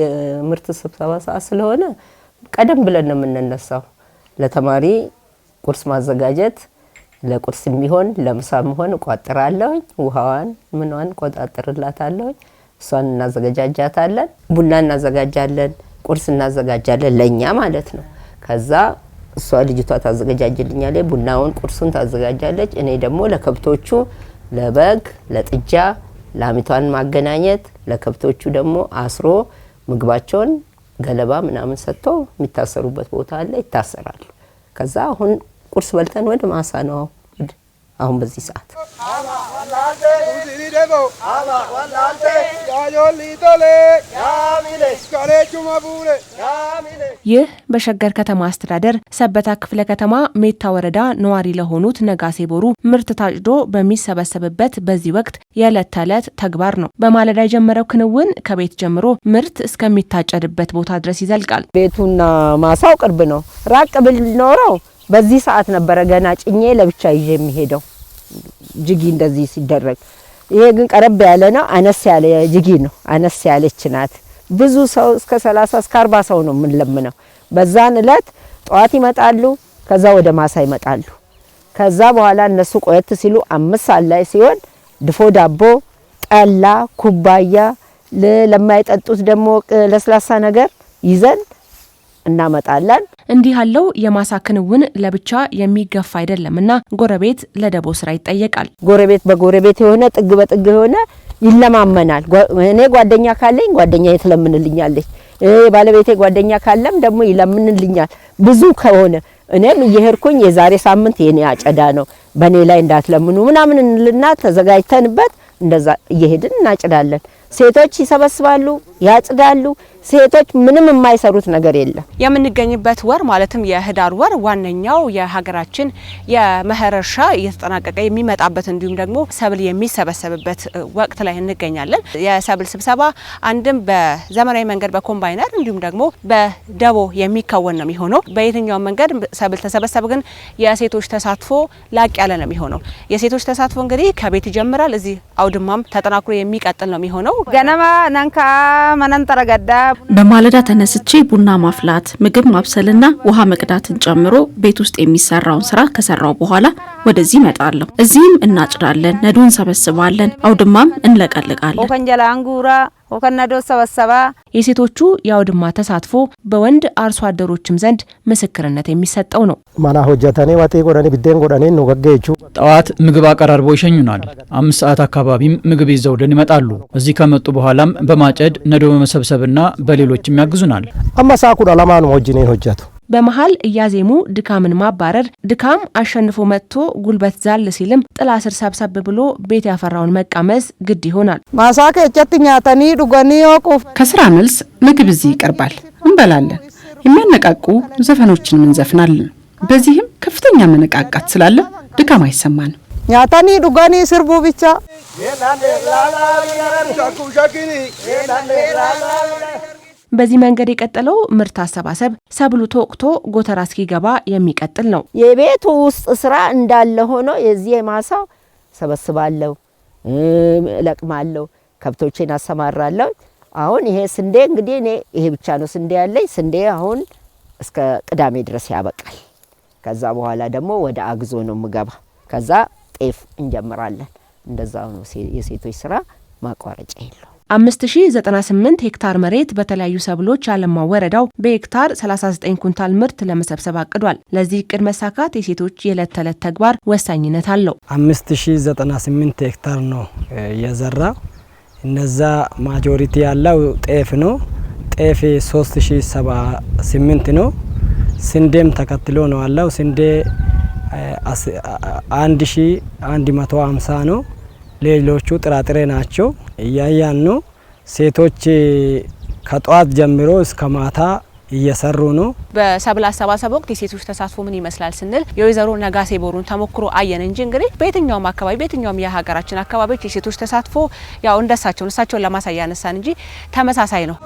የምርት ስብሰባ ሰዓት ስለሆነ ቀደም ብለን ነው የምንነሳው። ለተማሪ ቁርስ ማዘጋጀት ለቁርስ የሚሆን ለምሳ የሚሆን እቋጥራለሁኝ። ውሃዋን ምኗን እቆጣጥርላታለሁኝ። እሷን እናዘገጃጃታለን። ቡና እናዘጋጃለን፣ ቁርስ እናዘጋጃለን፣ ለእኛ ማለት ነው። ከዛ እሷ ልጅቷ ታዘገጃጅልኛለች፣ ቡናውን ቁርሱን ታዘጋጃለች። እኔ ደግሞ ለከብቶቹ ለበግ፣ ለጥጃ ላሚቷን ማገናኘት ለከብቶቹ ደግሞ አስሮ ምግባቸውን ገለባ ምናምን ሰጥቶ የሚታሰሩበት ቦታ አለ፣ ይታሰራሉ። ከዛ አሁን ቁርስ በልተን ወደ ማሳ ነው አሁን በዚህ ሰዓት ይህ በሸገር ከተማ አስተዳደር ሰበታ ክፍለ ከተማ ሜታ ወረዳ ነዋሪ ለሆኑት ነጋሴ ቦሩ ምርት ታጭዶ በሚሰበሰብበት በዚህ ወቅት የዕለት ተዕለት ተግባር ነው። በማለዳ የጀመረው ክንውን ከቤት ጀምሮ ምርት እስከሚታጨድበት ቦታ ድረስ ይዘልቃል። ቤቱና ማሳው ቅርብ ነው። ራቅ ብል ኖረው በዚህ ሰዓት ነበረ ገና ጭኜ ለብቻ ይዤ የሚሄደው ጅጊ እንደዚህ ሲደረግ ይሄ ግን ቀረብ ያለ ነው። አነስ ያለ ጅጊ ነው። አነስ ያለች ናት። ብዙ ሰው እስከ 30 እስከ 40 ሰው ነው የምንለምነው። በዛን እለት ጠዋት ይመጣሉ፣ ከዛ ወደ ማሳ ይመጣሉ። ከዛ በኋላ እነሱ ቆየት ሲሉ አምስት ሰዓት ላይ ሲሆን ድፎ ዳቦ፣ ጠላ፣ ኩባያ ለማይጠጡት ደግሞ ለስላሳ ነገር ይዘን እናመጣለን። እንዲህ ያለው የማሳ ክንውን ለብቻ የሚገፋ አይደለም ጎረቤት ለደቦ ስራ ይጠየቃል። ጎረቤት በጎረቤት የሆነ ጥግ በጥግ የሆነ ይለማመናል። እኔ ጓደኛ ካለኝ ጓደኛ የትለምንልኛለች ባለቤቴ ጓደኛ ካለም ደግሞ ይለምንልኛል። ብዙ ከሆነ እኔም እየሄድኩኝ የዛሬ ሳምንት የኔ አጨዳ ነው በእኔ ላይ እንዳትለምኑ ምናምን እንልና ተዘጋጅተንበት እንደዛ እየሄድን እናጭዳለን። ሴቶች ይሰበስባሉ፣ ያጭዳሉ። ሴቶች ምንም የማይሰሩት ነገር የለም። የምንገኝበት ወር ማለትም የህዳር ወር ዋነኛው የሀገራችን የመኸር እርሻ እየተጠናቀቀ የሚመጣበት እንዲሁም ደግሞ ሰብል የሚሰበሰብበት ወቅት ላይ እንገኛለን። የሰብል ስብሰባ አንድም በዘመናዊ መንገድ በኮምባይነር እንዲሁም ደግሞ በደቦ የሚከወን ነው የሚሆነው። በየትኛው መንገድ ሰብል ተሰበሰብ ግን የሴቶች ተሳትፎ ላቅ ያለ ነው የሚሆነው። የሴቶች ተሳትፎ እንግዲህ ከቤት ይጀምራል። እዚህ አውድማም ተጠናክሮ የሚቀጥል ነው የሚሆነው ገነማ ነንካ መነንጠረገዳ በማለዳ ተነስቼ ቡና ማፍላት፣ ምግብ ማብሰልና ውሃ መቅዳትን ጨምሮ ቤት ውስጥ የሚሰራውን ስራ ከሰራው በኋላ ወደዚህ እመጣለሁ። እዚህም እናጭዳለን፣ ነዱ እንሰበስባለን፣ አውድማም እንለቀልቃለን። ወከነዶ ሰበሰባ የሴቶቹ የአውድማ ተሳትፎ በወንድ አርሶ አደሮችም ዘንድ ምስክርነት የሚሰጠው ነው። ማና ሆጀተኔ ወጤ ጎዳኔ ብዴን ጎዳኔ ነው ገገቹ ጠዋት ምግብ አቀራርቦ ይሸኙናል። አምስት ሰዓት አካባቢም ምግብ ይዘውልን ይመጣሉ። እዚህ ከመጡ በኋላም በማጨድ ነዶ በመሰብሰብና በሌሎችም ያግዙናል። አማሳኩዳ ኩዳ ለማኑ ሆጅኔ ሆጀቱ በመሀል እያዜሙ ድካምን ማባረር። ድካም አሸንፎ መጥቶ ጉልበት ዛል ሲልም ጥላ ስር ሰብሰብ ብሎ ቤት ያፈራውን መቃመስ ግድ ይሆናል። ማሳከ ጨትኛተኒ ከስራ መልስ ምግብ እዚህ ይቀርባል፣ እንበላለን። የሚያነቃቁ ዘፈኖችን እንዘፍናለን። በዚህም ከፍተኛ መነቃቃት ስላለ ድካም አይሰማንም። ኛታኒ ዱጋኒ ስርቡ ብቻ በዚህ መንገድ የቀጠለው ምርት አሰባሰብ ሰብሉ ተወቅቶ ጎተራ እስኪገባ የሚቀጥል ነው። የቤቱ ውስጥ ስራ እንዳለ ሆኖ የዚህ የማሳው ሰበስባለሁ፣ እለቅማለሁ፣ ከብቶቼን አሰማራለሁ። አሁን ይሄ ስንዴ እንግዲህ እኔ ይሄ ብቻ ነው ስንዴ ያለኝ። ስንዴ አሁን እስከ ቅዳሜ ድረስ ያበቃል። ከዛ በኋላ ደግሞ ወደ አግዞ ነው የምገባ። ከዛ ጤፍ እንጀምራለን። እንደዛ ነው የሴቶች ስራ ማቋረጫ የለው። 5098 ሄክታር መሬት በተለያዩ ሰብሎች ያለማ ወረዳው በሄክታር 39 ኩንታል ምርት ለመሰብሰብ አቅዷል። ለዚህ እቅድ መሳካት የሴቶች የዕለት ተዕለት ተግባር ወሳኝነት አለው። 5098 ሄክታር ነው የዘራ እነዛ ማጆሪቲ ያለው ጤፍ ነው። ጤፍ 3078 ነው። ስንዴም ተከትሎ ነው ያለው። ስንዴ 1150 ነው። ሌሎቹ ጥራጥሬ ናቸው። እያያን ነው። ሴቶች ከጠዋት ጀምሮ እስከ ማታ እየሰሩ ነው። በሰብል አሰባሰብ ወቅት የሴቶች ተሳትፎ ምን ይመስላል ስንል የወይዘሮ ነጋሴ ቦሩን ተሞክሮ አየን እንጂ እንግዲህ በየትኛውም አካባቢ በየትኛውም የሀገራችን አካባቢዎች የሴቶች ተሳትፎ ያው እንደሳቸውን እሳቸውን ለማሳያ ያነሳን እንጂ ተመሳሳይ ነው።